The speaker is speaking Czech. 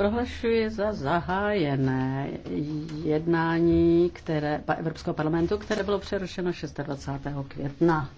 Prohlašuji za zahájené jednání které, Evropského parlamentu, které bylo přerušeno 26. května.